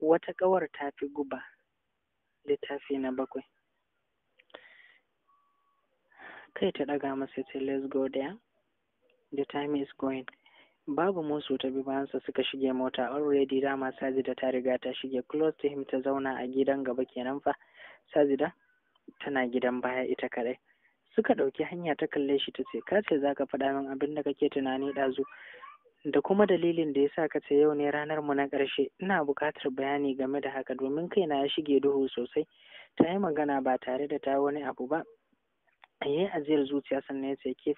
Wata ƙawar ta fi guba, littafi na bakwai. Kai ta ɗaga masa ce, Let's go there. The time is going. Babu musu ta bi bayansa suka shige mota already dama Sajida ta riga ta shige close to him ta zauna a gidan gaba kenan fa. Sajida tana gidan baya ita kaɗai. Suka ɗauki hanya ta kalle shi ta ce, Ka ce za ka faɗa min abin da kake tunani ɗazu. da kuma dalilin da ya sa ka ce yau ne ranar mu na ƙarshe ina buƙatar bayani game da haka domin kaina ya shige duhu sosai ta yi magana ba tare da ta wani abu ba yi ajiyar zuciya sannan ya ce keep,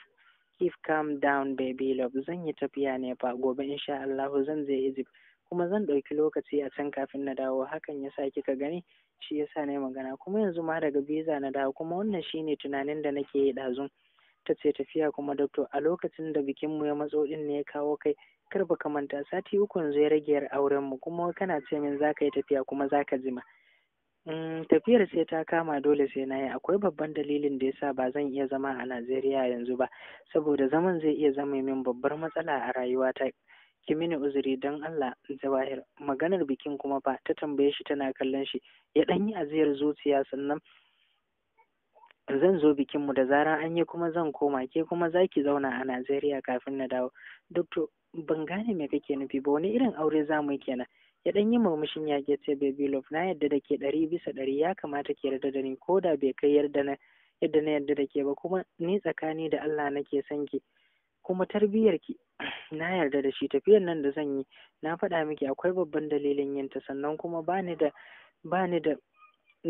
keep calm down baby love zan yi tafiya ne ba gobe insha Allah zan je Egypt kuma zan ɗauki lokaci a can kafin na dawo hakan ya sa kika gani shi yasa na yi magana kuma yanzu ma daga visa na dawo kuma wannan shine tunanin da nake yi ɗazun ta ce tafiya kuma doctor a lokacin da bikinmu ya matso din ne ya kawo kai kar ba ka manta sati uku yanzu ya rage aurenmu kuma kana ce min za ka yi tafiya kuma za ka jima mm, tafiyar sai ta kama dole sai na yi akwai babban dalilin da yasa ba zan iya zama a najeriya yanzu ba saboda zaman zai iya zama min babbar matsala a rayuwata ki mini uzuri don allah jawahir maganar bikin kuma ba ta tambaye shi tana kallon shi ya ɗan yi ajiyar zuciya sannan zan zo bikinmu da zaran an yi kuma zan koma ke kuma za ki zauna a Najeriya kafin na dawo. Dokto, ban gane me kake nufi ba wani irin aure za mu yi kenan. Ya ɗan yi murmushin ya ce baby love na yadda da ke ɗari bisa ɗari ya kamata ki yarda da ni ko da bai kai yarda na yadda na yarda da ke ba kuma ni tsakani da Allah nake son ki. Kuma tarbiyyar ki na yarda da shi tafiyar nan da zan yi na faɗa miki akwai babban dalilin yinta sannan kuma ba ni da ba ni da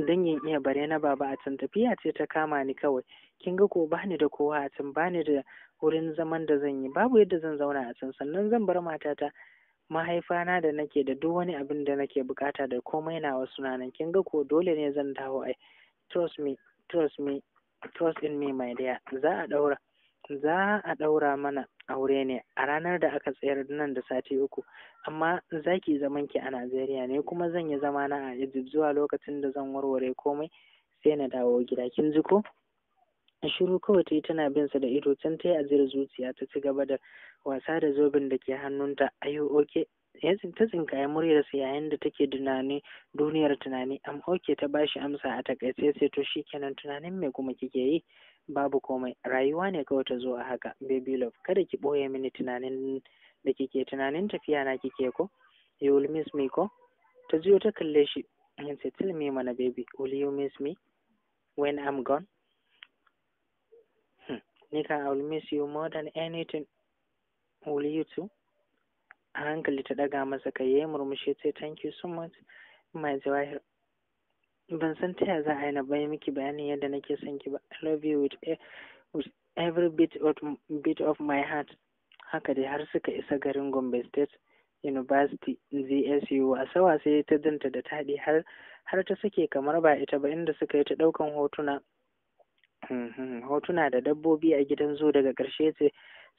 dan yin iya bare na baba a can tafiya ce ta kama ni kawai kin ga ko ba ni da kowa a can bani da wurin zaman da zan yi babu yadda zan zauna a can sannan zan bar matata mahaifana da nake da duk wani abin da nake bukata da komai na wasu nan kin ga ko dole ne zan dawo ai trust me trust me trust in me my dear za a daura za a ɗaura mana aure ne a ranar da aka tsayar nan da sati uku amma za ki zaman ki a najeriya ne kuma zan yi zama na a egypt zuwa lokacin da zan warware komai sai na dawo gida kin ji ko shiru kawai ta yi tana bin sa da ido can ta yi zuciya ta ci gaba da wasa da zobin da ke hannunta ayo oke ya ta tsinkaye muryarsa yayin da take tunani duniyar tunani am oke ta bashi amsa a takaice sai to shikenan tunanin me kuma kike yi babu komai rayuwa ne kawai ta zo a haka baby love kada ki boye mini tunanin da kike tunanin tafiya na kike ko you will miss me ko ta jiyo ta kalle shi and say tell me mana baby will you miss me when I'm gone hmm. Nika I will miss you more than anything will you too a hankali ta ɗaga masa kai ya yi murmushi ce thank you so much my jawahir ban san ta yaya za a yi na bayan miki bayanin yadda nake son ki ba i love you e, with, every bit of, bit of my heart haka dai har suka isa garin gombe state university zsu a sawa sai ta danta da taɗi har har ta sake kamar ba ita ba inda suka yi ta ɗaukan hotuna hmm, hmm, hmm, hotuna da dabbobi a gidan zo daga ƙarshe ce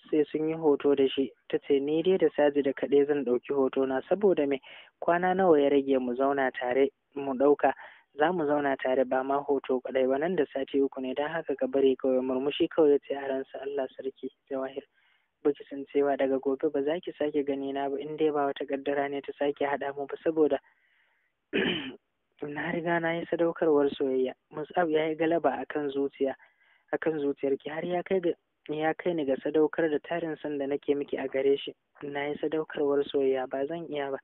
sai sun yi hoto da shi ta ce ni dai da saji da kaɗai zan ɗauki hoto na saboda me kwana nawa ya rage mu zauna tare mu ɗauka za mu zauna tare ba ma hoto kaɗai ba nan da sati uku ne don haka ka bari kawai murmushi kawai ya ce a ransa Allah sarki jawahir baki san cewa daga gobe ba za ki sake gani na ba in dai ba wata kaddara ne ta sake haɗa mu ba saboda na riga na yi sadaukarwar soyayya musab ya yi galaba akan zuciya akan zuciyarki har ya kai ga ya kai ni ga sadaukar da tarin son da nake miki a gare shi na yi sadaukarwar soyayya ba zan iya ba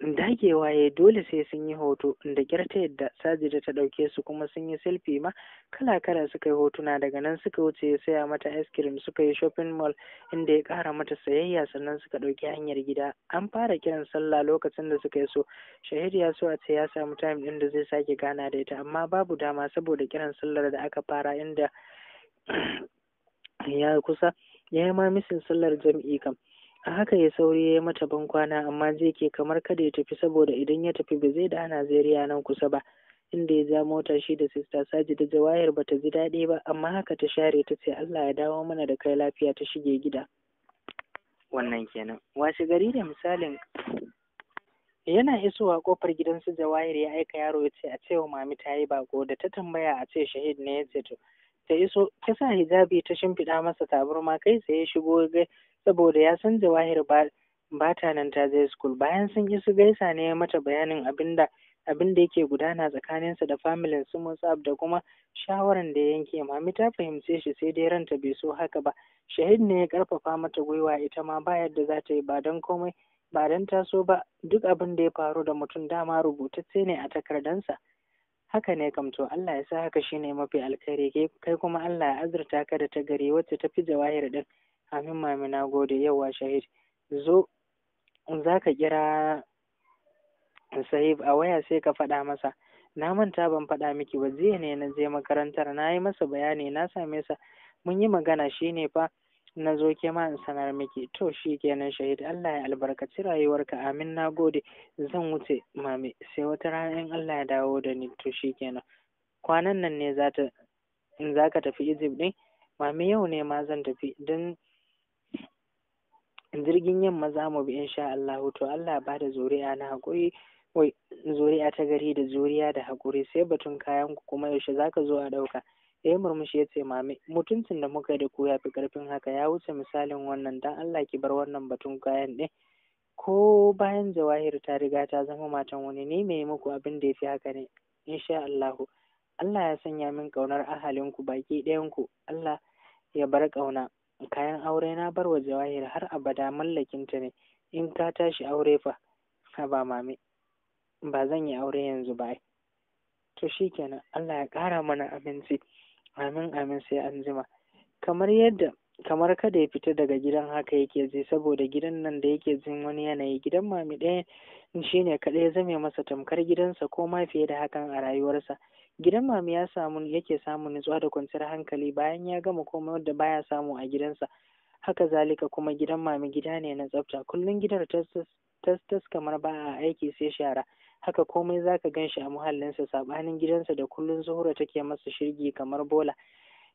dagewa ya dole sai sun yi hoto da kyar ta yadda da ta ɗauke su kuma sun yi selfie ma kala kala suka yi hotuna daga nan suka wuce ya saya mata ice cream suka yi shopping mall inda ya kara mata sayayya sannan suka ɗauki hanyar gida an fara kiran sallah lokacin da suka yi so shahid ya so a ce ya samu time ɗin da zai sake gana da ita amma babu dama saboda kiran sallar da aka fara inda ya kusa ya yi ma misin sallar jam'i kam a haka ya sauri ya yi mata ban kwana amma zai ke kamar kada ya tafi saboda idan ya tafi ba zai da Najeriya nan kusa ba inda ya ja mota shi da sista saji da jawahir ba ta ji daɗi ba amma haka ta share ta ce Allah ya dawo mana da kai lafiya ta shige gida wannan kenan washe gari da misalin yana isowa kofar gidansu jawahir ya aika yaro ya ce a cewa mami ta yi bako da ta tambaya a ce shahid ne ya ce to ta iso ta sa hijabi ta shimfiɗa masa tabarma kai tsaye shigo saboda ya san jawahir ba ba ta nan ta je school bayan sun isu gaisa ne mata bayanin abinda abin da yake gudana tsakaninsa da familin su Musab da kuma shawaran da ya yanke mami ta fahimce shi sai dai ranta bai so haka ba shahid ne ya karfafa mata gwiwa ita ma ba yadda za ta yi ba don komai ba don taso ba duk abin da ya faru da mutum dama rubutacce ne a takardansa haka ne kam Allah ya sa haka shine mafi alkhairi kai kuma Allah ya azurta ka da ta gari wacce ta fi jawahir din amin mami na gode yawa shahid zo za ka kira sahib a waya sai ka faɗa masa na manta ban faɗa miki ba jiya ne na je makarantar na yi masa bayani na same sa mun yi magana shine fa na zo ke ma in sanar miki to shi kenan shahid Allah ya albarkaci rayuwarka amin na gode zan wuce mami sai wata rana in Allah ya dawo da ni to shi kenan kwanan nan ne za ta in za ka tafi Egypt ɗin mami yau ne ma zan tafi don jirgin yamma za mu bi in sha Allah to Allah ba da zuri'a na haƙuri wai zuri'a ta gari da zuri'a da haƙuri sai batun kayan ku kuma yaushe za ka zo a ɗauka ya murmushi ya ce mami mutuncin da muka yi da ku ya fi ƙarfin haka ya wuce misalin wannan dan Allah ki bar wannan batun kayan ɗin ko bayan jawahir ta riga ta zama matan wani ne mai muku abin da ya fi haka ne insha Allahu Allah ya sanya min ƙaunar ahalinku baki ɗayanku Allah ya bar ƙauna kayan aure na bar wa jawahir har abada mallakinta ne in ka tashi aure fa ba mami ba zan yi aure yanzu ba to shikenan Allah ya ƙara mana aminci amin amin sai an jima kamar yadda kamar kada ya fita daga gidan haka yake ji saboda gidan nan da yake jin wani yanayi gidan mami ɗaya shi ne kaɗai ya zame masa tamkar gidansa ko ma fiye da hakan a rayuwarsa gidan mami ya samu yake samun nutsuwa da kwanciyar hankali bayan ya gama komai wadda baya samu a gidansa haka zalika kuma gidan mami gida ne na tsafta kullum gidan tas tas kamar ba a aiki sai shara haka komai zaka gan shi a muhallinsa saɓanin gidansa da kullum Zuhura take masa shirgi kamar bola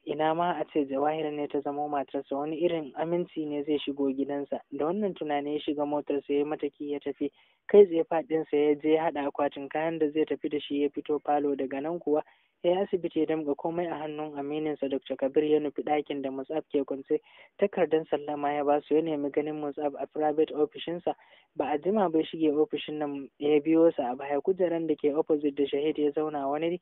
ina ma a ce jawahir ne ta zamo matarsa wani irin aminci ne zai shigo gidansa da wannan tunanin ya shiga motarsa ya mataki ya tafi kai tsaye faɗinsa ya je haɗa akwatin kayan da zai tafi da shi ya fito falo daga nan kuwa ya asibiti ya damga komai a hannun aminin sa dr kabir ya nufi ɗakin da musab ke kwance takardar sallama ya ba su ya nemi ganin musab a private ofishinsa ba a jima bai shige ofishin nan ya biyo sa a baya kujeran da ke opposite da shahid ya zauna wani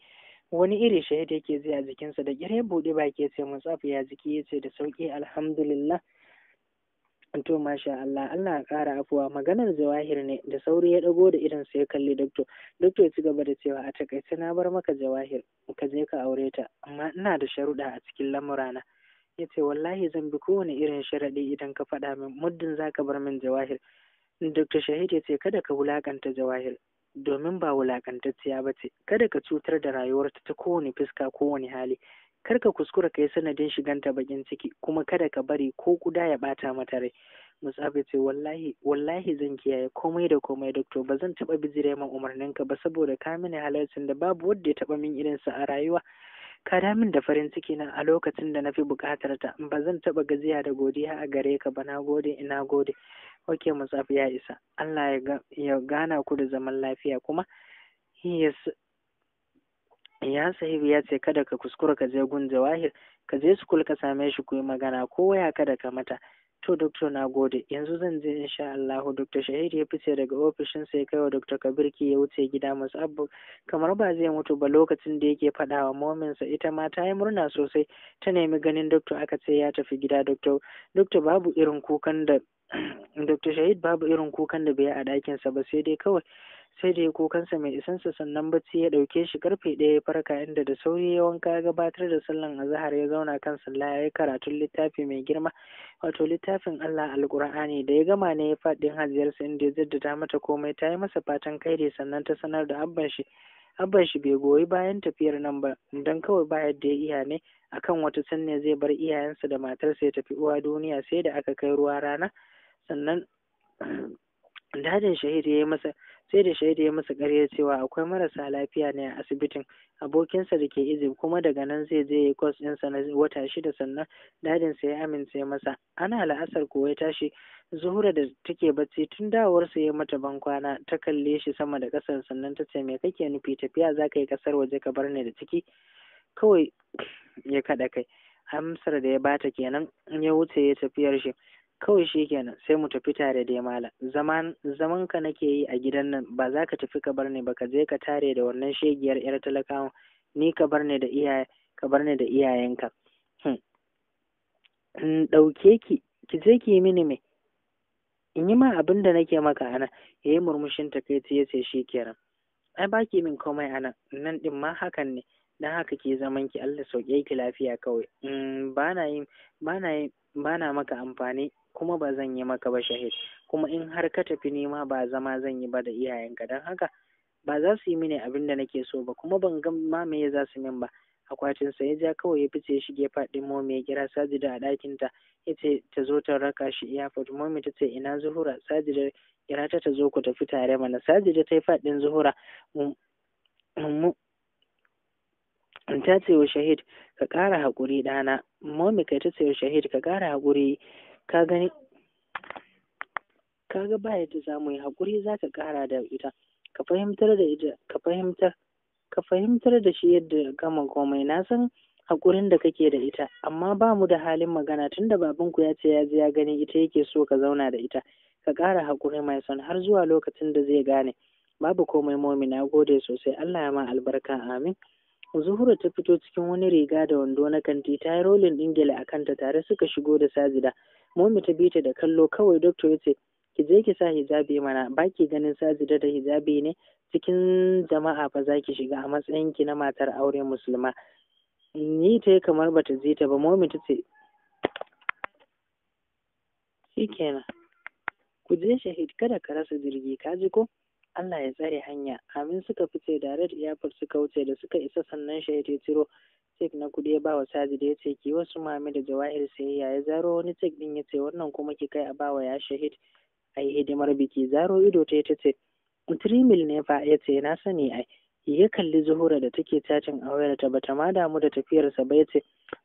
wani iri shahid yake zai a jikinsa da ƙyar ya buɗe baki ya ce musaf ya jiki ya ce da sauƙi alhamdulillah to masha Allah Allah ya ƙara afuwa maganar jawahir ne da sauri ya dago da idan sai kalli dokto dokto ya ci gaba da cewa a takaice na bar maka jawahir ka je ka aure ta amma ina da sharuɗa a cikin lamurana ya ce wallahi zan bi kowane irin sharaɗi idan ka faɗa min muddin za ka bar min jawahir Dr. Shahid ya ce kada ka wulakanta jawahir domin ba wulakantacciya ba ce kada ka cutar da rayuwarta ta kowane fuska kowane hali kar ka kuskura ka yi sanadin shiganta bakin ciki kuma kada ka bari ko kuda ya ɓata mata rai musafi ce wallahi wallahi zan kiyaye komai da komai doctor ba zan taba bijire ma umarninka ba saboda ka mini halarcin da babu wadda ya taɓa min irin sa a rayuwa ka da min da farin ciki na a lokacin da na fi buƙatar ta ba zan taɓa gajiya da godiya a gare ka ba na gode ina gode ok musafi ya isa Allah ya gana ku da zaman lafiya kuma ya sahib ya ce kada ka kuskura ka je gun jawahir ka je su ka same shi ku yi magana ko waya kada ka mata to doktor na gode yanzu zan je insha Allah doktor shahid ya fice daga ofishin sai kai wa doktor kabir ki ya wuce gida musabbu kamar ba zai mutu ba lokacin da yake faɗa wa mominsa ita ma ta yi murna sosai ta nemi ganin doktor aka ce ya tafi gida duk doktor babu irin kukan da Dr. Shahid babu irin kukan da bai a ɗakinsa ba sai dai kawai sai da ya kukansa mai isansa sannan bacci ya ɗauke shi karfe ɗaya ya farka inda da sauri ya wanka ya gabatar da sallan azahar ya zauna kan sallah ya yi karatun littafi mai girma wato littafin Allah alkur'ani da ya gama ne ya faɗin hajiyarsa inda ya jaddada mata komai ta yi masa fatan kaire sannan ta sanar da abban shi abban shi bai goyi bayan tafiyar nan ba don kawai ba yadda ya iya ne akan wata sanne zai bar iyayensa da matarsa ya tafi uwa duniya sai da aka kai ruwa rana sannan dajin shahid ya yi masa sai da shahid ya masa ƙarya cewa akwai marasa lafiya ne a asibitin abokinsa da ke izib kuma daga nan zai je ya kwas ɗinsa na wata shida sannan dadinsa ya amince masa ana la'asar kuwa ya tashi zuhura da take bacci tun dawowarsa ya mata bankwana ta kalle shi sama da ƙasar sannan ta ce me kake nufi tafiya za ka yi ƙasar waje ka bar ni da ciki kawai ya kaɗa kai amsar da ya bata kenan ya wuce ya tafiyar shi kawai shi kenan sai mu tafi tare da yamala. zaman zaman ka nake yi a gidan nan ba za ka tafi ka bar ni ba ka je ka tare da wannan shegiyar yar talakawa ni ka bar ni da iyaye ka bar ni da iyayenka hm. in ɗauke ki ki je ki yi mini me in yi ma abin da nake maka ana ya yi murmushin takaici ya ce shi kenan ai ba ki min komai ana nan din ma hakan ne dan haka ke zaman ki Allah sauke ki lafiya kawai mm, ba na yin ba na yin ba na maka amfani kuma ba zan yi maka ba shahid kuma in har ka tafi nema ba zama zan yi ba da iyayenka don haka ba za su yi mini abin da nake so ba kuma ban ga ma me za su min ba akwatin sa ya ja kawai ya fice shi gefa din momi ya kira sajida a ɗakin ta yace ta zo ta raka shi airport momi ta ce ina zuhura sajida kira ta ta zo ku tafi tare mana sajida ta yi faɗin zuhura ta ce wa shahid ka ƙara haƙuri ɗana momi kai ta ce wa shahid ka ƙara haƙuri ka gani ka ga ba yadda za mu yi haƙuri za ka ƙara da ita ka fahimtar da ita ka fahimtar ka fahimtar da shi yadda gama komai na san haƙurin da kake da ita amma ba mu da halin magana tunda babanku ya ce ya ji ya gani ita yake so ka zauna da ita ka ƙara haƙuri mai son har zuwa lokacin da zai gane babu komai momi na gode sosai Allah ya ma albarka amin Zuhura ta fito cikin wani riga da wando na kanti ta yi rolin dingila a kanta tare suka shigo da sajida Momi ta bi ta da kallo kawai doctor ya ce ki je ki sa hijabi mana ba ki ganin sajida da hijabi ne cikin jama'a fa za ki shiga a matsayin ki na matar aure musulma Ni ta yi kamar bata je ta ba momi ta ce shikenan ku je shahid kada ka rasa jirgi ka ji ko Allah ya tsare hanya amin suka fice da red airport suka wuce da suka isa sannan shahid ya ciro cek na kuɗi ya bawa da ya ce ki wasu mami da jawahir sai ya zaro wani cek din ya ce wannan kuma ki kai a bawa ya shahid a yi hidimar biki zaro ido ta ta ce trimil ne fa ya ce na sani ai ya kalli zuhura da take cacin a ta bata ma damu da tafiyarsa ba ya ce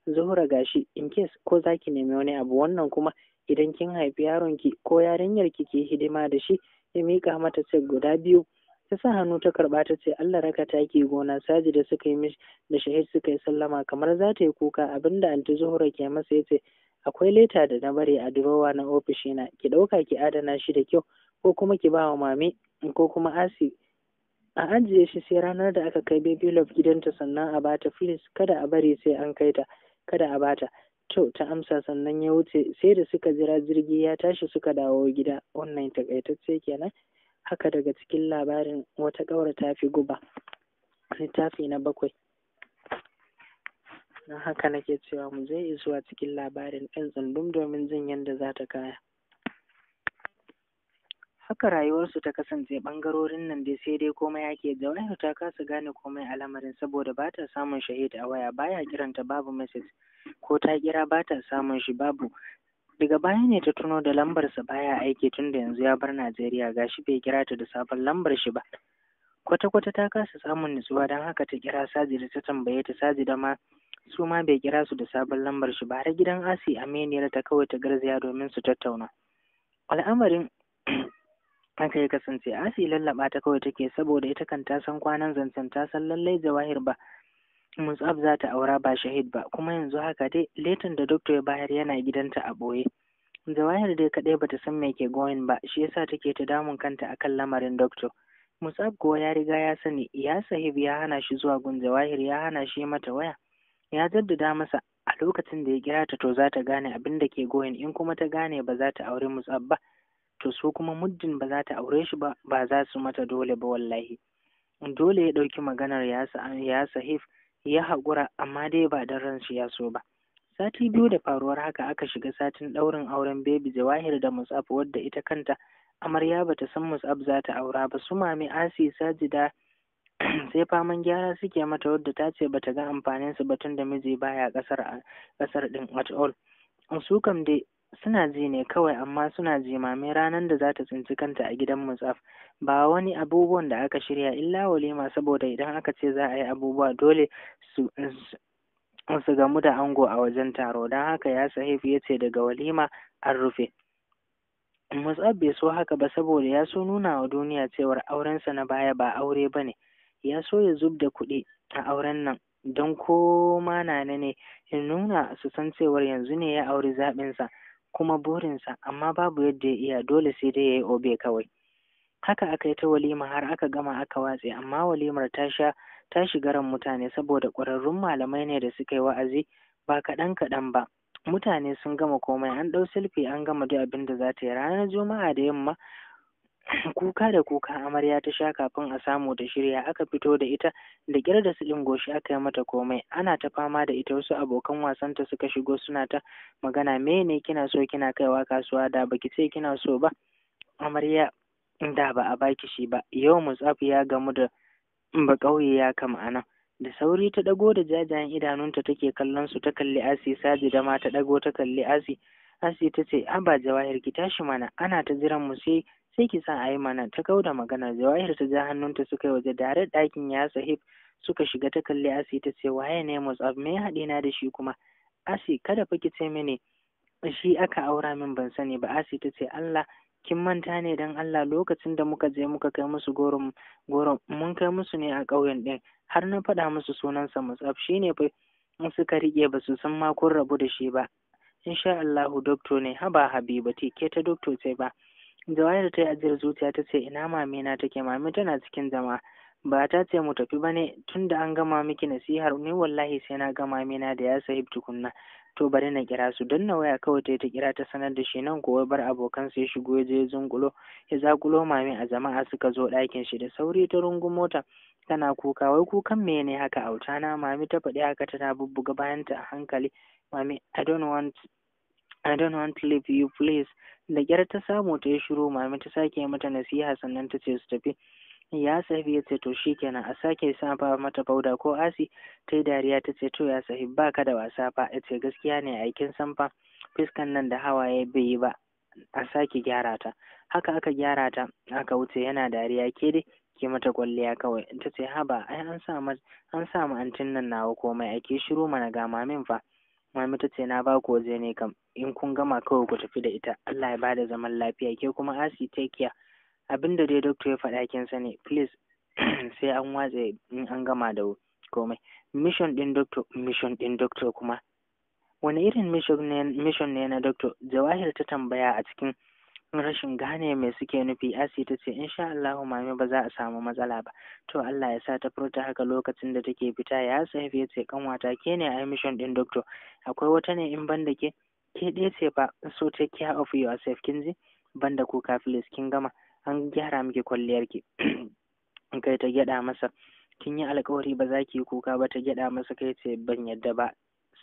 zuhura gashi in case ko zaki nemi wani abu wannan kuma idan kin haifi yaronki ko yarinyar ki hidima da shi ya mika mata cek guda biyu ta sa hannu ta karɓa ta ce Allah raka taki gona saji da suka yi mish da shahid suka yi sallama kamar za ta yi kuka abinda anti zuhura ke masa ya ce akwai leta da na bari a durowa na ofishina ki ɗauka ki adana shi da kyau ko kuma ki ba wa mami ko kuma asi a ajiye shi sai ranar da aka kai baby love gidanta sannan a bata please kada a bari sai an kai ta kada a bata to ta amsa sannan ya wuce sai da suka jira jirgi ya tashi suka dawo gida wannan takaitacce kenan haka daga cikin labarin wata ƙaura ta fi guba littafi na bakwai don haka nake cewa mu je a cikin labarin ɗan tsundum domin jin yadda za ta kaya haka rayuwarsu ta kasance ɓangarorin nan dai sai dai komai ake jawahir ta kasa gane komai a lamarin saboda ba ta samun shahid a waya baya kiranta babu message ko ta kira ba ta samun shi babu daga baya ne ta tuno da lambarsa baya aiki tun da yanzu ya bar najeriya gashi bai kira ta da sabon lambar shi ba kwata-kwata ta kasa samun nutsuwa don haka ta kira da ta tambaye ta da ma su ma bai kira su da sabon lambar shi ba har gidan asi aminiyar ta kawai ta garzaya domin su tattauna al'amarin haka ya kasance asi lallaba ta kawai take saboda ita kan ta san kwanan zancen ta san lallai jawahir ba Musab za ta aura ba shahid ba kuma yanzu haka dai letin da doctor ya bayar yana gidanta a ɓoye. Zawahir dai kaɗai bata san me ke goyin ba shi yasa take ta damun kanta akan lamarin doctor. Musab kuwa ya riga ya sani ya sahib ya hana shi zuwa gun Zawahir ya hana shi mata waya. Ya jaddada masa a lokacin da ya kira ta to za ta gane abin da ke goyin in kuma ta gane ba za ta aure Mutsaf ba. To su kuma muddin ba za ta aure shi ba ba za su mata dole ba wallahi. Dole ya ɗauki maganar ya sahif. ya haƙura amma dai ba don ransu ya so ba sati biyu da faruwar haka aka shiga satin ɗaurin auren bebi jawahir da musab wadda ita kanta amarya ba ta san musab za ta aura ba su mami asi sajida sai faman gyara suke mata wadda ta ce bata ga amfaninsu ba tunda da miji baya kasar ɗin ɗin at all su kam dai suna ji ne kawai amma suna jimame ranar da za ta tsinci kanta a gidan mutsaf ba wani abubuwan da aka shirya illa walima saboda idan aka ce za a yi abubuwa dole su su gamu da ango a wajen taro don haka ya sahif ya ce daga walima an rufe mutsaf bai so haka ba saboda ya so nuna wa duniya cewar aurensa na baya ba aure ba ne ya so ya zub da kuɗi a auren nan don ko ma na ne in nuna su san cewar yanzu ne ya auri zaɓinsa kuma burinsa amma babu yadda ya iya dole sai dai ya yi obe kawai haka aka yi ta walima har aka gama aka watse amma walimar ta sha ta shiga ran mutane saboda ƙwararrun malamai ne da suka yi wa'azi ba kaɗan kaɗan ba mutane sun gama komai an ɗau silfi an gama duk abin da za ta yi ranar juma'a da yamma kuka da kuka amarya ta sha kafin a samu ta shirya aka fito da ita da ƙyar da su goshi aka yi mata komai ana ta fama da ita wasu abokan wasanta suka shigo suna ta magana mene kina so kina kaiwa kasuwa da baki ce kina so ba amarya da ba a baki shi ba yau mutsaf ya gamu da ba ƙauye ya kama ana da sauri ta ɗago da jajayen idanunta take kallon su ta kalli asi saji da ma ta ɗago ta kalli asi asi ta ce ba jawahir ki tashi mana ana ta jiran mu sai sai ki sa a yi mana ta kau da magana jawahir ta ja hannunta suka yi waje dare ɗakin ya sahib suka shiga ta kalli asi ta ce waye ne musab me haɗe na da shi kuma asi kada fa ki ce mini shi aka aura min ban sani ba asi ta ce Allah kin manta ne dan Allah lokacin da muka je muka kai musu goron mun kai musu ne a ƙauyen ɗin har na faɗa musu sunansa musab ne fa suka riƙe ba su san ma kun rabu da shi ba insha Allahu dokto ne haba habibati ke ta dokto ce ba da ta yi ajiyar zuciya ta ce ina mami na take mami tana cikin jama'a. Ba ta ce mu tafi ba ne tun da an gama miki nasihar ni wallahi sai na gama mina da ya sahib tukunna. To bari na kira su don na waya kawai ta yi ta kira ta sanar da shi nan kuwa bar abokan ya shigo ya je ya zunkulo ya zakulo mami a jama'a suka zo ɗakin shi da sauri ta rungu mota tana kuka wai kukan me ne haka na mami ta faɗi haka tana bubbuga bayanta a hankali mami I don't want I don't want to leave you please da kyar ta samu ta yi shiru mami ta sake mata nasiha sannan ta ce su tafi ya sahibi ya ce to kenan a sake safa mata bauda ko asi ta yi dariya ta ce to ya sahibi ba ka da wasa fa ya ce gaskiya ne aikin sanfa fiskan nan da hawaye bai yi ba a sake gyara ta haka aka gyara ta aka wuce yana dariya ke dai ke mata kwalliya kawai ta ce haba ai an sa antin nan nawa komai ake shiru mana ga mamin fa Mama ta ce na ba ko waje ne kam in kun gama kawai ku tafi da ita Allah ya bada zaman lafiya ke kuma Asi take ya abin dai doctor ya faɗa kin sani please sai an watse in an gama da komai mission din doctor mission din doctor kuma wani irin mission ne na doctor Jawahir ta tambaya a cikin in rashin gane me suke nufi asi ta ce insha Allahu mami ba za a samu matsala ba to Allah ya sa ta furta haka lokacin da take fita ya sahibi ya ce kanwata ke ne a mission din doctor akwai wata ne in banda ke ke ɗaya ce ba so take care of yourself kin ji banda kuka kafilis kin gama an gyara miki kwalliyar ki kai ta gyada masa kin yi alkawari ba za ki yi kuka ba ta gyada masa kai ce ban yadda ba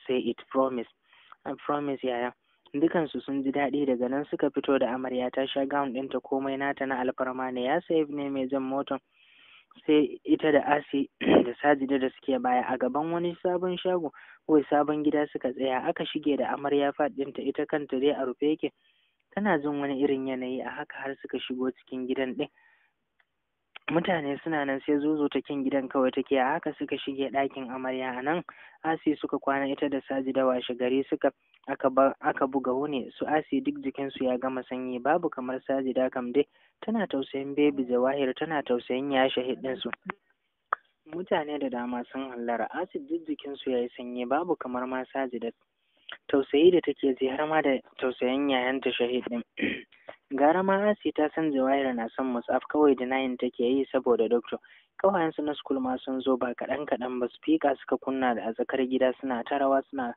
say it promise I promise yaya yeah, yeah. dukansu sun ji daɗi daga nan suka fito da amarya ta sha gawun ɗinta komai nata na alfarma ne ya sayi ne mai jan motar sai ita da asi da sajida da suke baya a gaban wani sabon shago wai sabon gida suka tsaya aka shige da amarya faɗinta ita kanta dai a rufe yake tana jin wani irin yanayi a haka har suka shigo cikin gidan ɗin mutane suna nan sai zuzu ta kin gidan kawai take a haka suka shige ɗakin amarya a nan asi suka kwana ita da sajida washe gari suka aka ba aka buga wuni su asi duk jikinsu ya gama sanyi babu kamar sajida kam dai tana tausayin bebi jawahir tana tausayin ya shahidin su mutane da dama sun hallara asid duk jikinsu ya yi sanyi babu kamar ma sajida tausayi da take ji har ma da tausayin yayanta shahid din gara ma asi ta san jawahir na son musaf kawai denying take yi saboda doctor kawayensu na school ma sun zo ba kaɗan kaɗan ba speaker suka kunna da a tsakar gida suna ta rawa suna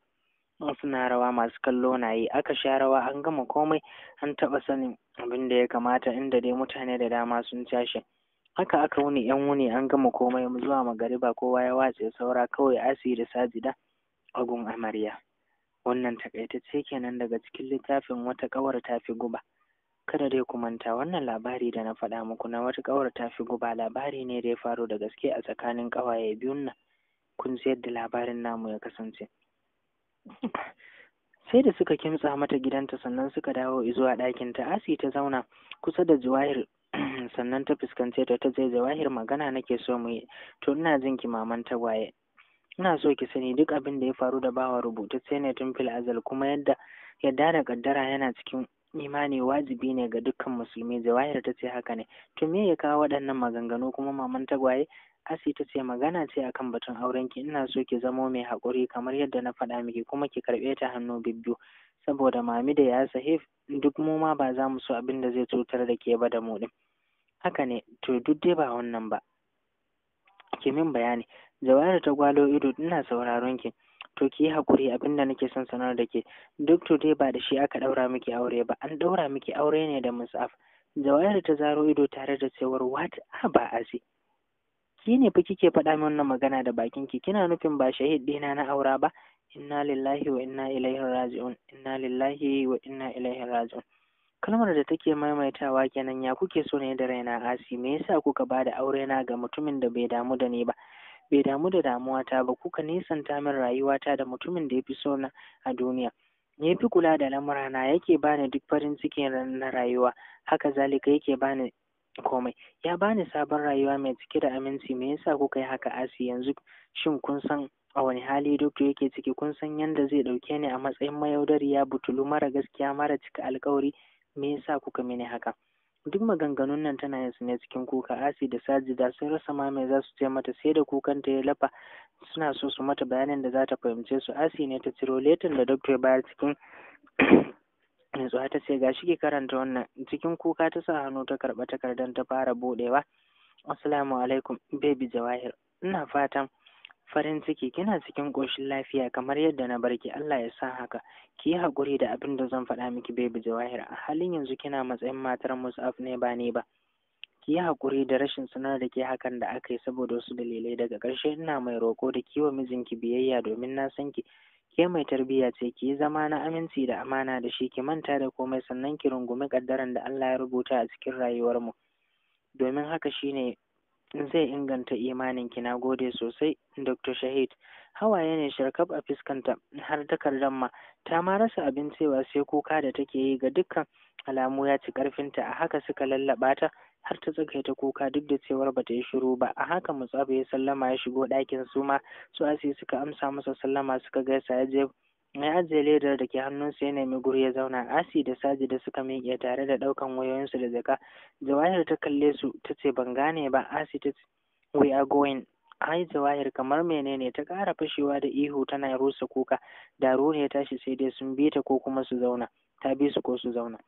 suna rawa masu kallo na yi aka sha rawa an gama komai an taɓa sanin abin da ya kamata inda dai mutane da dama sun tashi haka aka wuni yan wuni an gama komai zuwa magariba kowa ya watse saura kawai asi da sajida agun amarya wannan takaitacce kenan daga cikin littafin wata ƙawar tafi guba kada dai ku manta wannan labari da na faɗa muku na wata ƙawar tafi guba labari ne da ya faru da gaske a tsakanin kawaye biyun nan kun ji yadda labarin namu ya kasance sai da suka kimtsa mata gidanta sannan suka dawo zuwa ta asi ta zauna kusa da juwahir sannan ta fuskance ta ta je jawahir magana nake so mu yi to ina jin ki maman tagwaye ina so ki sani duk abin da ya faru da bawa sai ne tun fil azal kuma yadda yadda da kaddara yana cikin imani wajibi ne ga dukkan musulmi jawahir ta ce haka ne to me ya kawo waɗannan maganganu kuma maman tagwaye Asi ta ce magana ce akan batun aurenki ina so ki zamo mai haƙuri kamar yadda na faɗa miki kuma ki karɓe ta hannu bibbiyu saboda mami da ya sahif duk mu ma ba za mu so abin da zai cutar da ke ba da mu din. Haka ne to duk dai ba wannan ba. Ki min bayani Jawahir ta gwalo ido ina sauraron ki. To ki yi haƙuri abin da nake son sanar da ke duk to dai ba da shi aka ɗaura miki aure ba an ɗaura miki aure ne da Mus'af. Jawahir ta zaro ido tare da cewar Wat a ba asi. ki ne fa kike faɗa min wannan magana da bakin ki kina nufin ba shahid ɗina na aura ba inna lillahi wa inna ilaihi raji'un inna lillahi wa inna ilaihi raji'un kalmar da take maimaitawa kenan ya kuke so ne da raina asi me yasa kuka ba da aure na ga mutumin da bai damu da ni ba bai damu da damuwa ta ba kuka nisanta min rayuwata da mutumin da ya fi so na a duniya ya fi kula da lamurana yake bani duk farin cikin na rayuwa haka zalika yake bani komai ya bani sabon rayuwa mai cike da aminci me yasa kuka yi haka asi yanzu shin kun san a wani hali doctor yake ciki kun san yanda zai ɗauke ni a matsayin mayaudariya butulu mara gaskiya mara cika alkawari me yasa kuka mini haka duk maganganun nan tana yin su ne cikin kuka asi da sajida sun rasa ma mai za su ce mata sai da kukanta ya lafa suna so su mata bayanin da za ta fahimce su asi ne ta ciro letin da doctor bayar cikin nutsuwa ta ce shi ki karanta wannan cikin kuka ta sa hannu ta karɓa takardar ta fara buɗewa assalamu alaikum baby jawahir ina fatan farin ciki kina cikin ƙoshin lafiya kamar yadda na barki Allah ya sa haka ki yi haƙuri da abin da zan faɗa miki baby jawahir a halin yanzu kina matsayin matar musaf ne ba ne ba ki yi haƙuri da rashin sanar da ke hakan da aka yi saboda wasu dalilai daga ƙarshe ina mai roƙo da kiwo mijinki biyayya domin na san ki ke mai tarbiyya ce ki yi zama na aminci da amana da shi ki manta da komai sannan ki rungumi kaddaran da Allah ya rubuta a cikin rayuwarmu domin haka shine zai inganta imanin ki na gode sosai Dr. Shahid hawaye ne shirkab a fuskanta har takardar ma ta ma rasa abin cewa sai kuka da take yi ga dukkan alamu ya ci karfinta a haka suka lallaba ta har ta tsagaita kuka duk da cewar ba ta yi shiru ba a haka mutsabu ya sallama ya shigo ɗakin suma su asi suka amsa masa sallama suka gaisa ya je ya ajiye ledar da ke hannunsa ya nemi guri ya zauna asi da saji da suka miƙe tare da ɗaukan wayoyinsu da jaka jawahir ta kalle su ta ce ban gane ba asi ta ce we are going ai jawahir kamar menene ta ƙara fashewa da ihu tana rusa kuka Daru ne tashi sai dai sun bi ta ko kuma su zauna ta bi su ko su zauna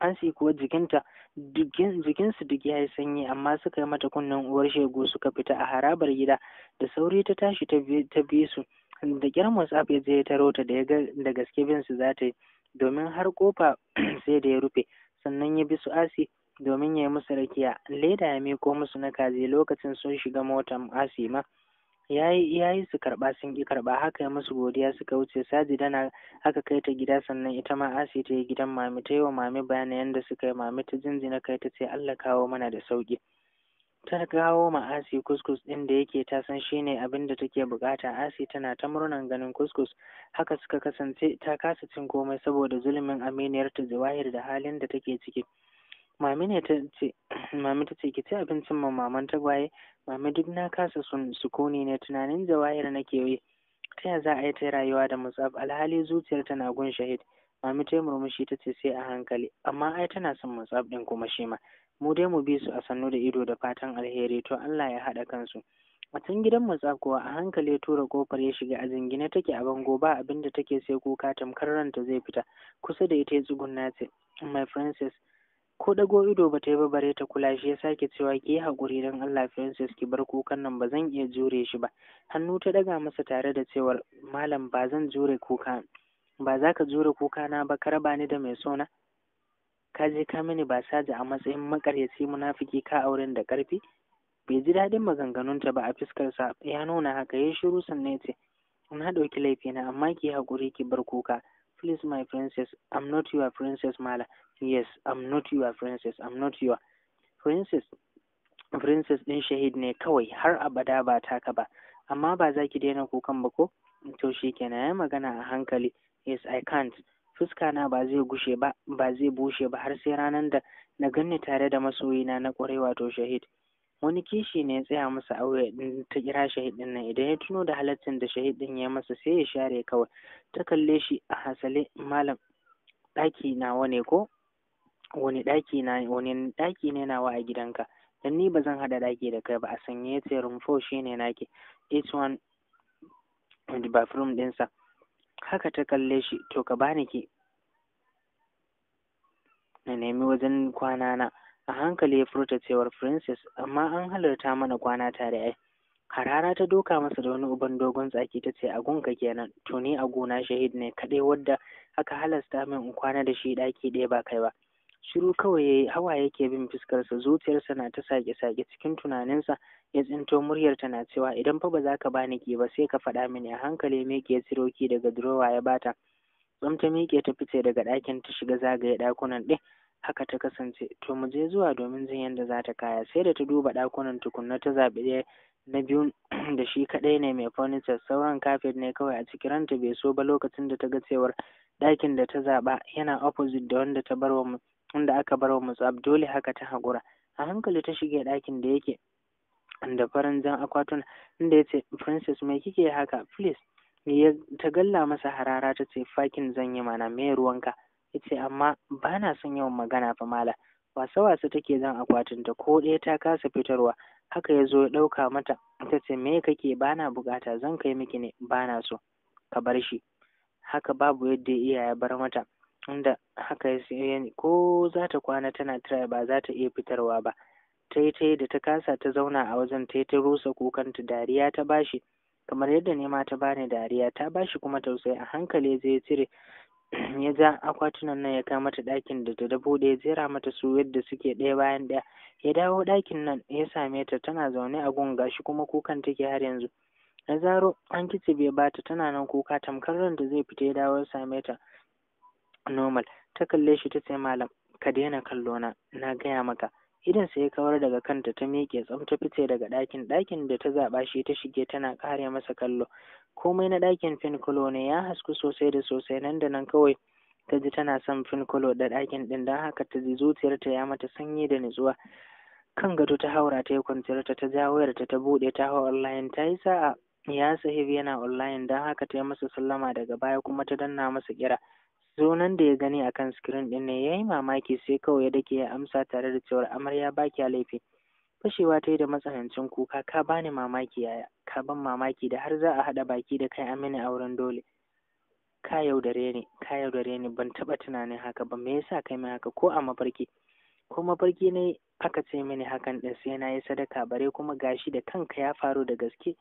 an sai kuwa jikinta jikinsu duk ya yi sanyi amma suka yi mata kunnen uwar shegu suka fita a harabar gida da sauri ta tashi ta bi su da kyar whatsapp ya je taro ta da gaske bin su za ta yi domin har kofa sai da ya rufe sannan ya bi su Asi domin ya yi musu rakiya leda ya miko musu na kaji lokacin sun shiga motar Asi ma ya yi su karɓa sun ƙi karɓa haka ya musu godiya suka wuce saji dana haka kai ta gida sannan ita ma asi ta yi gidan mami ta yi wa mami bayanin yadda suka yi mami ta jinjina kai ta ce allah kawo mana da sauƙi ta kawo ma asi kuskus ɗin da yake ta san shine abin da take bukata asi tana ta murnan ganin kuskus haka suka kasance ta kasa cin komai saboda zulumin aminiyar ta jawahir da halin da take ciki Mami ta ce, Mami ta ce, ki ci abincin ma maman tagwaye, Mami duk na kasa sun sukuni ne tunanin jawahir nake yi. Ta ya za a yi ta rayuwa da musab alhali zuciyar tana gun shahid. Mami ta murmushi ta ce sai a hankali, amma ai tana son musab din kuma shi ma. Mu dai mu bi su a sannu da ido da fatan alheri to Allah ya haɗa kansu. A can gidan musab kuwa a hankali ya tura kofar ya shiga a zingine take a bango ba abinda take sai kuka tamkar ranta zai fita. Kusa da ita ya tsugunna ce, My princess, ko ɗago ido ba ta yi ba bare ta kula shi ya sake cewa kiyi hakuri haƙuri don Allah Francis ki bar kukan nan ba zan iya jure shi ba hannu ta ɗaga masa tare da cewar malam ba zan jure kuka ba za ka jure kuka na ba ka raba ni da mai sona ka je ka mini ba saji a matsayin makaryaci munafiki ka auren da ƙarfi bai ji daɗin maganganunta ba a fuskarsa ya nuna haka ya shiru sannan ya ce na ɗauki na amma ki yi haƙuri ki bar kuka please my princess i'm not your princess mala. yes i'm not your princess i'm not your princess princess din shahid ne kawai har abada ba taka ba amma ba za ki daina kukan ba ko to kenan ya magana a hankali yes i can't fuska na ba zai gushe ba ba zai bushe ba har sai ranar da na ganni tare da masoyina na ƙwarai wato shahid wani kishi ne ya tsaya masa aure din ta kira shahidin nan idan ya tuno da halaccin da shahidin ya masa sai ya share kawai ta kalle shi a hasale malam daki nawa ne ko wani daki na wani daki ne nawa a gidanka dan ni ba zan hada daki da kai ba a sanye ya ce room 4 shine nake it's one the bathroom dinsa haka ta kalle shi to ka bani ki na nemi wajen kwana na a hankali ya furta cewar princess amma an halarta mana kwana tare ai harara ta doka masa da wani uban dogon tsaki ta ce 'A gunka kenan to ni agona shahid ne kaɗai wadda aka halasta min in kwana da shi ɗaki ɗaya ba kai ba shiru kawai yayi hawa yake bin fuskarsa zuciyarsa na ta sake-sake cikin tunaninsa ya tsinto muryar na cewa idan fa ba za ka bani ki ba sai ka faɗa mini a hankali meke ciroki daga durowa ya bata tsamta miƙe ta fice daga ɗakin ta shiga zagaye ɗakunan ɗin haka ta kasance to mu je zuwa domin jin yadda za ta kaya sai da ta duba ɗakunan tukunna ta zaɓi ɗaya na biyun da shi kaɗai ne mai furniture sauran kafet ne kawai a cikin ranta bai so ba lokacin da ta ga cewar ɗakin da ta zaɓa yana opposite da wanda ta bar wa wanda aka bar wa mutsaf dole haka ta haƙura a hankali ta shige ɗakin da yake da farin jan akwatuna inda ya ce princess mai kike haka please ya ta galla masa harara ta ce fakin zan yi mana mai ruwanka ya ce amma ba na son yawan magana fa mala wasa wasa take zan akwatinta ko ɗaya ta kasa fitarwa haka ya zo ya ɗauka mata ita ce me kake ba na bukata zan kai miki ne ba na so ka bar shi haka babu yadda ya iya bar mata inda haka ya ko za ta kwana tana tira ba za ta iya fitarwa ba ta yi da ta kasa ta zauna a wajen ta rusa kukanta dariya ta bashi kamar yadda nema ta bani dariya ta bashi kuma tausayi a hankali zai cire ya ja akwatunan nan ya kai mata ɗakin da ta buɗe ya jera mata su yadda suke ɗaya bayan ɗaya ya dawo ɗakin nan ya same ta tana zaune a gun gashi kuma kukan take har yanzu na zaro an kice bai bata tana nan kuka tamkar ran da zai fita ya dawo ya same ta normal ta kalle shi ta ce malam ka daina kallo na na gaya maka sa ya kawar daga kanta ta miƙe tsam ta fice daga ɗakin ɗakin da ta zaɓa shi ta shige tana ƙare masa kallo komai na ɗakin finkulo ne ya hasku sosai da sosai nan da nan kawai ta ji tana son finkulo da ɗakin ɗin don haka ta ji zuciyarta ya mata sanyi da nutsuwa kan gado ta haura ta yi kwanciyarta ta ja wayarta ta buɗe ta hau online ta yi sa'a ya sahib yana online don haka ta yi masa sallama daga baya kuma ta danna masa kira Zonan da ya gani a kan sikirin ɗin ne ya yi mamaki sai kawai ya dake ya amsa tare da cewar amarya ba kya laifi. Fashewa ta yi da matsanancin kuka ka ba ni mamaki yaya ka ban mamaki da har za a haɗa baki da kai amini wurin dole. Ka yaudare ni ka yaudare ni ban taɓa tunanin haka ba me yasa kai min haka ko a mafarki ko mafarki ne aka ce mini hakan ɗin sai na yi sadaka bare kuma gashi da kanka ya faru da gaske.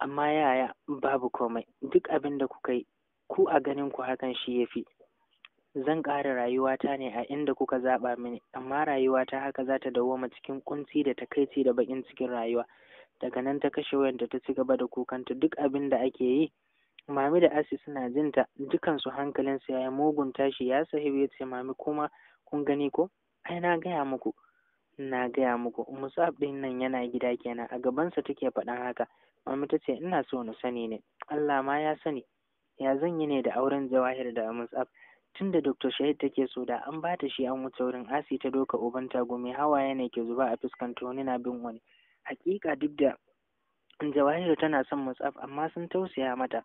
Amma yaya babu komai duk abin da kuka yi ku a ganin ku hakan shi ya fi zan ƙara rayuwata ne a inda kuka zaɓa mini amma rayuwata haka za ta dawwama cikin ƙunci da takaici da baƙin cikin rayuwa daga nan ta kashe wayanta ta ci gaba da kukanta duk abin da ake yi mami da asi suna jinta dukansu hankalinsu ya yi mugun tashi ya sahibu ya ce mami kuma kun gani ko ai na gaya muku na gaya muku musab ɗin nan yana gida kenan a gabansa take faɗan haka mami ta ce ina so na sani ne allah ma ya sani ya zan yi ne da auren jawahir da musab tunda dr shahid take so da an bata shi an wuce wurin asi ta doka uban mai hawaye ne ke zuba a fuskan wani na bin wani hakika duk da jawahir tana son mutsaf amma sun tausaya mata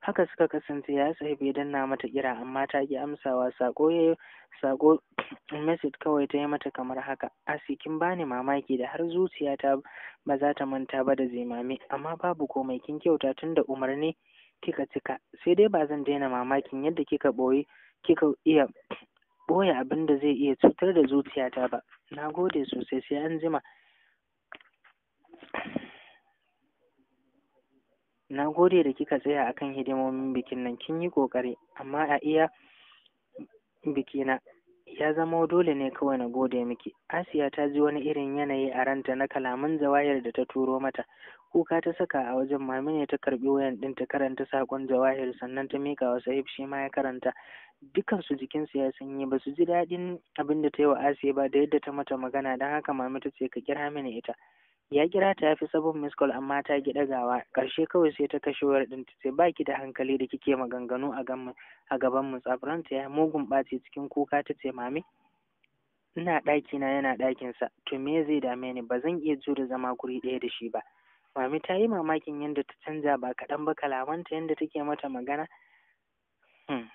haka suka kasance ya sahib ya danna mata kira amma ta ki amsawa sako ya sako message kawai ta yi mata kamar haka asi kin bani mamaki da har zuciyata ba za ta manta ba da zimami amma babu komai kin kyauta tunda umarni kika cika sai dai ba zan daina mamakin yadda kika ɓoye kika iya ɓoye abin da zai iya cutar da zuciyata ba na gode sosai sai an jima na gode da kika tsaya akan hidimomin bikin nan kin yi ƙoƙari amma a iya bikina ya zama dole ne kawai na gode miki asiya ta ji wani irin yanayi a ranta na kalaman zawayar da ta turo mata kuka ta saka a wajen mami ne ta karbi wayan ɗin ta karanta sakon jawahir sannan ta mika wa sahib shi ma ya karanta dukansu jikinsu ya sanyi ba su ji daɗin abin da ta yi wa asiya ba da yadda ta mata magana don haka mami ta ce ka kira mini ita ya kira ta ya fi sabon miss call amma ta gi ɗagawa karshe kawai sai ta kashe wayar ɗin ta ce ba ki da hankali da kike maganganu a gaban mu ta ya mugun ɓaci cikin kuka ta ce mami ina ɗakina yana ɗakinsa to me zai dame ni ba zan iya jure zama guri ɗaya da shi ba Mami ta yi mamakin yadda ta canza ba kaɗan ba kalamanta yadda take mata magana. Hmm.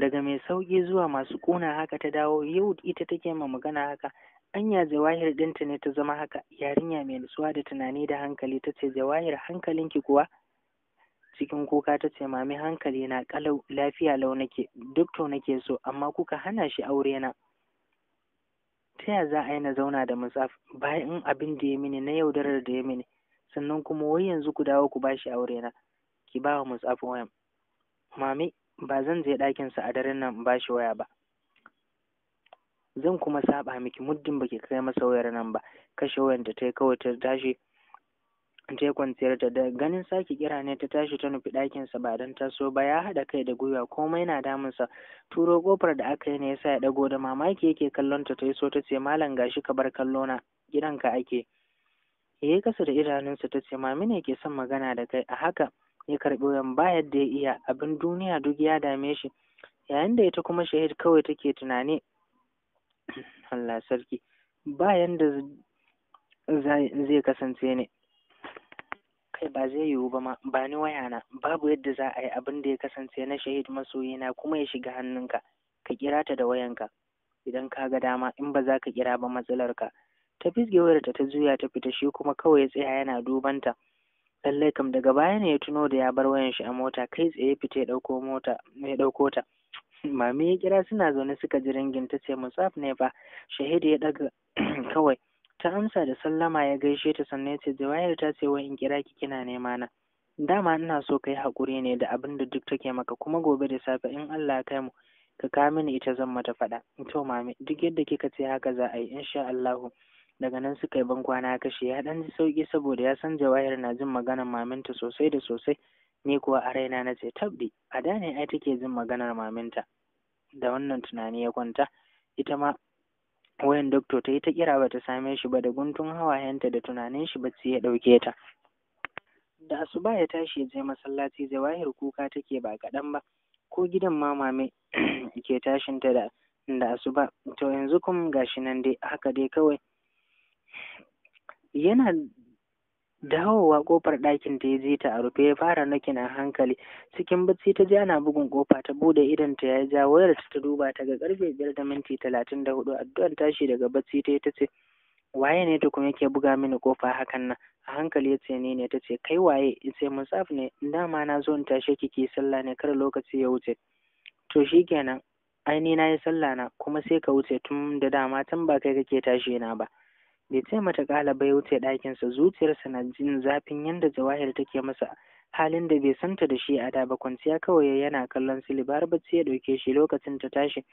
Daga mai sauƙi zuwa masu ƙuna haka ta dawo yau ita take ma magana haka. Anya jawahir ɗinta ne ta zama haka yarinya mai nutsuwa da tunani da hankali ta ce jawahir hankalinki kuwa cikin kuka ta ce mami hankali na ƙalau lafiya lau nake duk to nake so amma kuka hana shi aure na. ta yaya za a yi na zauna da matsaf bayan abin da ya mini na yaudarar da ya mini sannan kuma wai yanzu ku dawo ku bashi aure na ki ba wa matsaf wayan mami ba zan je sa a daren nan bashi waya ba zan kuma saba miki muddin baki kai masa wayar nan ba kashe wayan da ta yi kawai ta tashi ta kwanciyar ta da ganin sake kira ne ta tashi ta nufi sa ba don taso ba ya haɗa kai da gwiwa komai na damunsa turo ƙofar da aka yi ne yasa ya ɗago da mamaki yake kallon ta ta so ta ce malam gashi ka bar kallo na gidanka ake yayi kasa da idanunsa ta ce mami ne ke son magana da kai a haka ya karɓi wayan ba yadda ya iya abin duniya duk ya dame shi yayin da ita kuma shahid kawai take tunani Allah sarki ba yanda zai kasance ne kai ba zai yiwu ba ma ba ni wayana babu yadda za a yi abin da ya kasance na shahid masoyina kuma ya shiga hannunka ka kira ta da wayanka idan ka ga dama in ba za ka kira ba matsalarka ta fi wayarta ta juya ta fita shi kuma kawai ya tsaya yana duban ta lallai kam daga baya ne ya tuno da ya bar wayan shi a mota kai tsaye fita ya dauko mota ya ɗauko ta mami ya kira suna zaune suka ji ringin ta ce musaf ne fa shahid ya ɗaga kawai ta amsa da sallama ya gaishe ta sannan ya ce jawahir ta ce wa in kira ki kina nema na dama ina so kai haƙuri ne da abin da duk take maka kuma gobe da safe in Allah ya kai mu ka kawo mini ita zan mata faɗa to mami duk yadda kika ce haka za a yi insha Allah daga nan suka yi ban kwana kashe ya dan ji sauki saboda ya san jawahir na jin maganar maminta sosai da sosai ni kuwa a raina na ce Tabbi, a da ne ai take jin maganar maminta da wannan tunani ya kwanta ita ma wayan doctor ta yi ta kira bata same shi ba da guntun hawayenta da tunanin shi bacci ya ɗauke ta da asuba ya tashi ya je masallaci zawahir kuka take ba kaɗan ba ko gidan ma mame ke tashin ta da da asuba to yanzu kuma gashi nan dai haka dai kawai yana dawowa kofar ɗakin ta ya je ta a rufe ya fara nakin a hankali cikin bacci ta ji ana bugun kofa ta bude idan ta ya ja wayar ta duba ta ga karfe biyar da minti talatin da hudu addu'ar tashi daga bacci ta ta ce waye ne ta kuma yake buga mini kofa hakan nan a hankali ya ce ni ne ta ce kai waye in ce musaf ne dama na zo in tashe ki ki sallah ne kar lokaci ya wuce to shikenan ai ni na yi sallah na kuma sai ka wuce tun da dama tun ba kai kake tashi na ba bai ce mata kala bai wuce ɗakinsa zuciyarsa na jin zafin yadda jawahir take masa halin da bai santa da shi a da ba kwanciya kawai yana kallon silibar har ya ɗauke shi lokacin ta tashi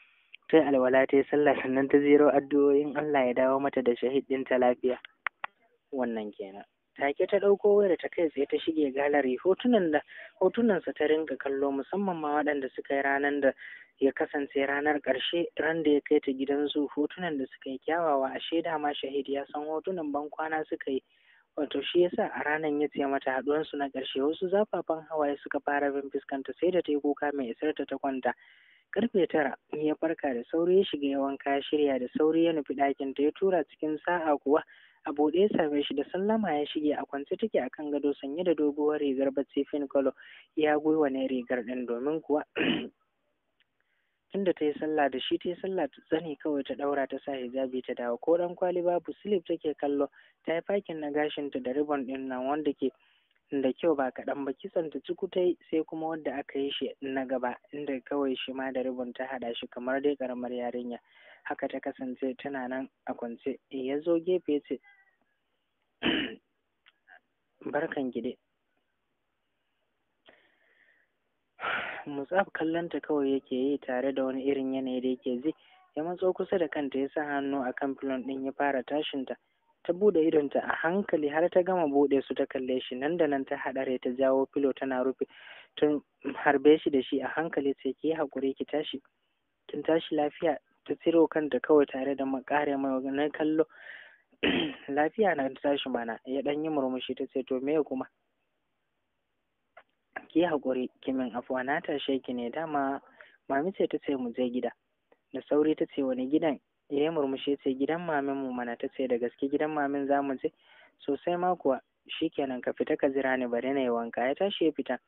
sai alwala ta yi sallah sannan ta zero addu'o'in Allah ya dawo mata da shahid ɗinta lafiya wannan kenan take ta ɗauko wayar ta kai tsaye ta shige galari hotunan da hotunansa ta ringa kallo musamman ma waɗanda suka yi ranar da ya kasance ranar ƙarshe ran da ya kai ta gidan zu hotunan da suka yi kyawawa a shaida ma shahid ya san hotunan bankwana kwana suka yi wato shi yasa a ranar ya ce mata haɗuwansu na ƙarshe wasu zafafan hawaye suka fara bin fuskanta sai da ta yi kuka mai isar ta ta kwanta karfe tara ya farka da sauri ya shiga yawan kaya shirya da sauri ya nufi ɗakin ta ya tura cikin sa'a kuwa a buɗe ya same shi da sallama ya shige a kwance take a kan gado sanye da doguwar rigar bacci fin kolo ya gwiwa ne rigar ɗin domin kuwa tunda ta yi sallah da shi ta yi sallah ta tsani kawai ta ɗaura ta sa hijabi ta dawo ko ɗan kwali babu silip take kallo ta yi fakin na gashinta da ribon ɗin nan wanda ke da kyau ba kaɗan ba kitson ta ciku ta sai kuma wanda aka yi shi na gaba inda kawai shi ma da ribon ta haɗa shi kamar dai ƙaramar yarinya haka ta kasance tana nan a kwance e, ya zo gefe ya ce barkan gide Musab kallonta kawai yake yi tare da wani irin yanayi da yake ji ya matso kusa da kanta ya sa hannu a kan filon ɗin ya fara tashinta ta bude idonta a hankali har ta gama buɗe su ta kalle shi nan da nan ta haɗare ta jawo filo tana rufe tun harbe shi da shi a hankali sai ki haƙuri ki tashi kin tashi lafiya ta ciro kanta kawai tare da makare mai wani kallo lafiya na tashi mana ya dan yi murmushi ta ce to me kuma ki haƙuri kimin afuwa na tashe ki ne dama mami ce ta ce mu je gida da sauri ta ce wani gidan ya yi murmushi ta ce gidan mamin mu mana ta ce da gaske gidan mamin za mu je sosai ma kuwa kenan ka fita ka jira ni bari na yi wanka ya tashi ya fita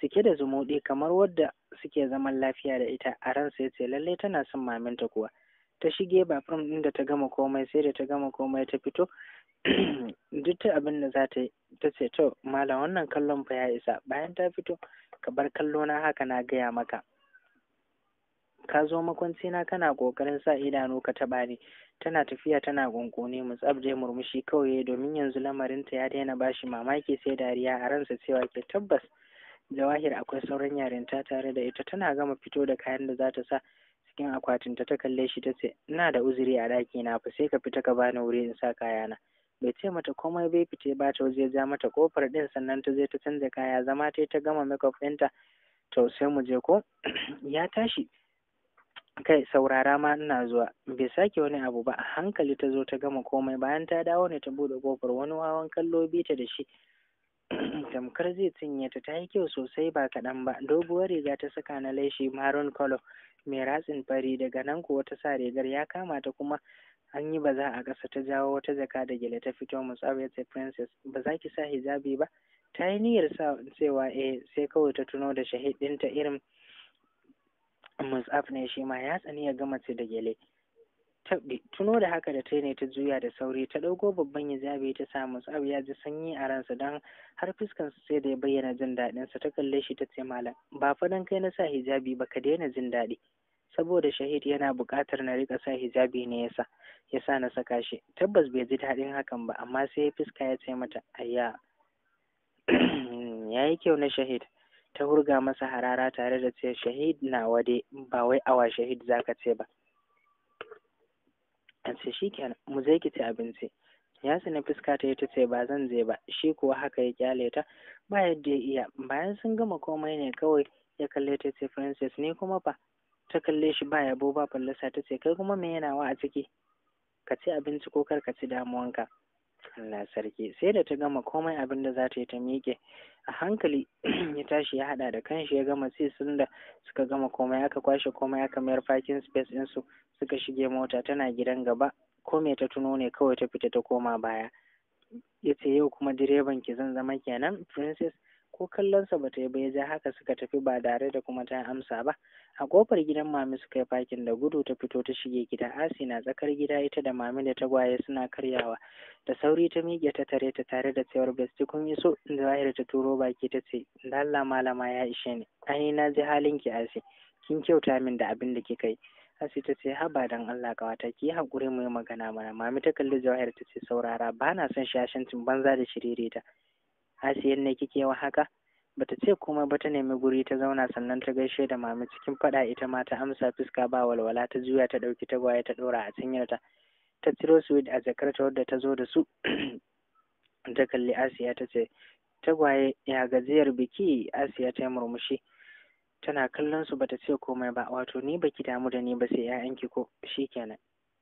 cike da zumuɗi kamar wadda suke zaman lafiya da ita a ransa ya ce lallai tana son maminta kuwa ta shige bathroom ɗin da ta gama komai sai da ta gama komai ta fito duk ta abin da za ta yi ta ce to malam wannan kallon fa ya isa bayan ta fito ka bar kallo na haka na gaya maka ka zo makwanci na kana kokarin sa idanu ka taɓa ni tana tafiya tana gunkune mu tsabje murmushi kawai domin yanzu lamarinta ya daina bashi mamaki sai dariya a ransa cewa ke tabbas Jawahir akwai sauran yarinta tare da ita tana gama fito da kayan da za ta sa cikin akwatinta ta kalle shi ta ce ina da uzuri a ɗaki na fa sai ka fita ka bani wuri in sa kayana bai ce mata komai bai fice ba ta waje ja mata kofar din sannan ta je ta canza kaya zama ta ta gama makeup ɗinta to sai mu je ko ya tashi kai saurara ma ina zuwa bai sake wani abu ba a hankali ta zo ta gama komai bayan ta dawo ne ta bude kofar wani wawan kallo bita da shi tamkar zai cinye ta ta yi kyau sosai ba kaɗan ba doguwar riga ta saka na laishi maroon color mai ratsin fari daga nan kuwa ta sa rigar ya kama ta kuma an yi baza a ƙasa ta jawo wata jaka da gele ta fito mutsawiyar ta princess ba za ki sa hijabi ba ta yi niyyar cewa eh sai kawai ta tuno da shahid ɗinta irin musaf ne shi ma ya tsani ya gama ce da gele tuno da haka da ne ta juya da sauri ta ɗauko babban hijabi ta samu musab ya ji sanyi a ransa don har su sai da ya bayyana jin daɗinsa ta kalle shi ta ce malam ba fadan kai na sa hijabi ba ka daina jin daɗi saboda shahid yana buƙatar na rika sa hijabi ne yasa ya sa na saka shi tabbas bai ji daɗin hakan ba amma sai ya fuska ya ce mata ayya yayi kyau na shahid ta hurga masa harara tare da ce shahid na wade ba wai awa shahid zaka ce ba a ce shi kenan mu je ki ci abinci ya sani fuska ta yi ta ce ba zan je ba shi kuwa haka ya kyale ta ba yadda ya iya bayan sun gama komai ne kawai ya kalle ta ce Francis, ni kuma fa ta kalle shi ba yabo ba fallasa ta ce kai kuma me yana wa a ciki ka ci abinci ko kar ka ci damuwanka Allah sarki sai da ta gama komai abin da za ta yi ta miƙe a hankali ya tashi ya haɗa da kanshi ya gama sai sun da suka gama komai aka kwashe komai aka mayar fakin space su. suka shige mota tana gidan gaba ko me ta tuno ne kawai ta fita ta koma baya ya ce yau kuma direban ki zan zama kenan princess ko kallonsa ba ta yi ba ya ja haka suka tafi ba tare da kuma ta amsa ba a kofar gidan mami suka yi fakin da gudu ta fito ta shige gida asi na tsakar gida ita da mami da tagwaye suna karyawa da sauri ta miƙe ta tare ta tare da cewar besti kun iso zahira ta turo baki ta ce lalla malama ya ishe ni ai na ji halin ki asi kin kyauta min da abin da kika yi Asi ta ce haba don Allah kawata ki haƙuri mu yi magana mana mami ta kalli Jawahir ta ce saurara ba na son shashancin banza da shiririta. Asiyan ne kike wa haka? Bata ce komai ba ta nemi guri ta zauna sannan ta gaishe da mami cikin faɗa ita ma ta amsa fuska ba walwala ta juya ta ɗauki tagwaye ta ɗora a cinyarta. Ta Ta ciro su a jakar ta wadda ta zo da su. ta kalli Asiya ta ce ta gwaye ya gajiyar biki Asiya ta yi murmushi. tana kallon su bata ce komai ba wato ni baki damu da ni ba sai ƴaƴanki ko shikenan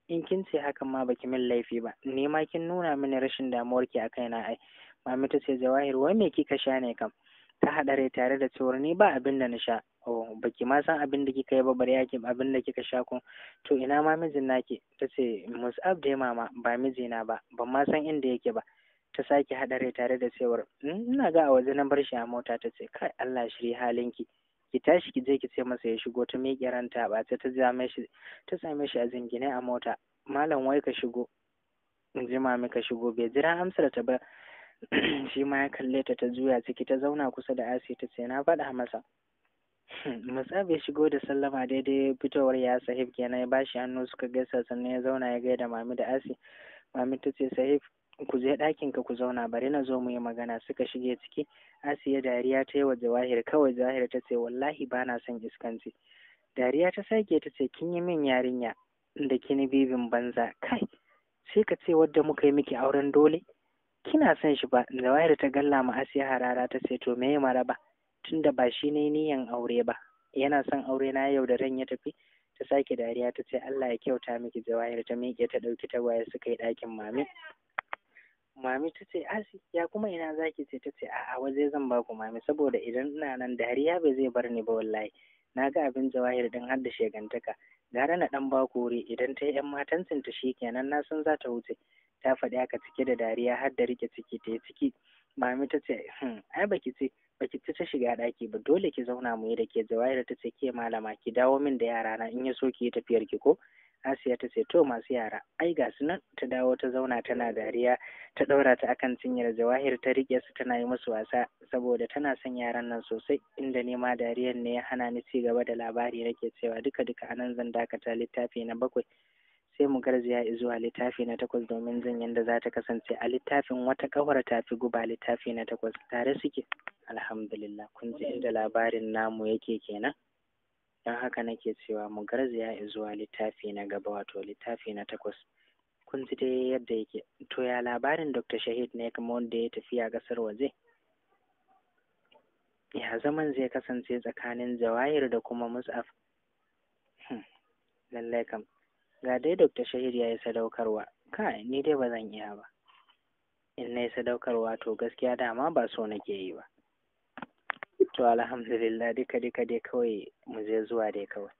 in kin ce hakan ma baki min laifi ba ni ma kin nuna mini rashin damuwar ki a kaina ai mami ta ce jawahir wai me kika sha ne kam ta haɗare tare da cewar ni ba abin da na sha oh baki ma san abin da kika yi ba bari yakin abin da kika sha kun to ina ma mijin naki ta ce mus'ab dai mama ba miji na ba ban ma san inda yake ba ta sake haɗare tare da cewar hmm, ina ga a waje na bar shi a mota ta ce kai Allah shiri halinki ki tashi ki je ki ce masa ya shigo ta miƙe ranta ba ta ta same shi ta same shi a zingine a mota malam wai ka shigo in ji mami ka shigo bai jira amsar ta ba shi ma ya kalle ta ta juya ciki ta zauna kusa da asi ta ce na faɗa masa matsa bai shigo da sallama daidai fitowar ya sahib kenan ya bashi hannu suka gaisa sannan ya zauna ya gaida mami da asi mami ta ce sahib ku je ɗakin ka ku zauna bari na zo mu yi magana suka shige ciki asiya dariya ta yi wa jawahir kawai jawahir ta ce wallahi ba na son iskanci dariya ta sake ta ce kin yi min yarinya da kini bibin banza kai sai ka ce wadda muka yi miki auren dole kina son shi ba jawahir ta galla ma asiya harara ta ce to me maraba tunda ba shi ne niyan aure ba yana son aure na yau da ran ya tafi ta sake dariya ta ce Allah ya kyauta miki jawahir ta miƙe ta ɗauki tagwaye suka yi ɗakin mami mami ta ce asi ah, ya kuma ina zaki ce ta ce a'a waje zan ba mami saboda idan ina nan dariya bai zai bar ni ba wallahi na ga abin jawahir din har da shegantaka gara na dan ba wuri idan ta yi yan matan tsinta kenan na san za ta wuce ta faɗi haka cike da dariya har da rike ciki ta yi ciki mami ta ce hmm, ai baki ce baki ci ta shiga ɗaki ba dole ki zauna mu yi da ke jawahir ta ce ke malama ki dawo min da yara na in ya so ki yi tafiyar ki ko Asiya ta ce to masu yara ai ga su nan ta dawo ta zauna tana dariya ta ɗaura ta akan cinyar jawahir ta riƙe su tana yi musu wasa saboda tana son yaran nan sosai inda nema dariyar ne ya hana ni ci gaba da labari nake cewa duka duka anan zan dakata littafi na bakwai sai mu garzaya zuwa littafi na takwas domin jin yadda za ta kasance a littafin wata kawar tafi guba littafi na takwas tare suke alhamdulillah kun ji inda labarin namu yake kenan don haka nake cewa mu garzaya zuwa littafi na gaba wato littafi na takwas kun ji dai yadda yake to ya labarin dr shahid ne kuma wanda ya tafiya a waje ya zaman zai kasance tsakanin jawahir da kuma mus'af hmm, lallai kam ga dai dr shahid ya yi sadaukarwa kai ni dai ba zan iya ba in na yi sadaukarwa to gaskiya dama ba so nake yi ba to alhamdulillah duka duka dai kawai mu je zuwa dai kawai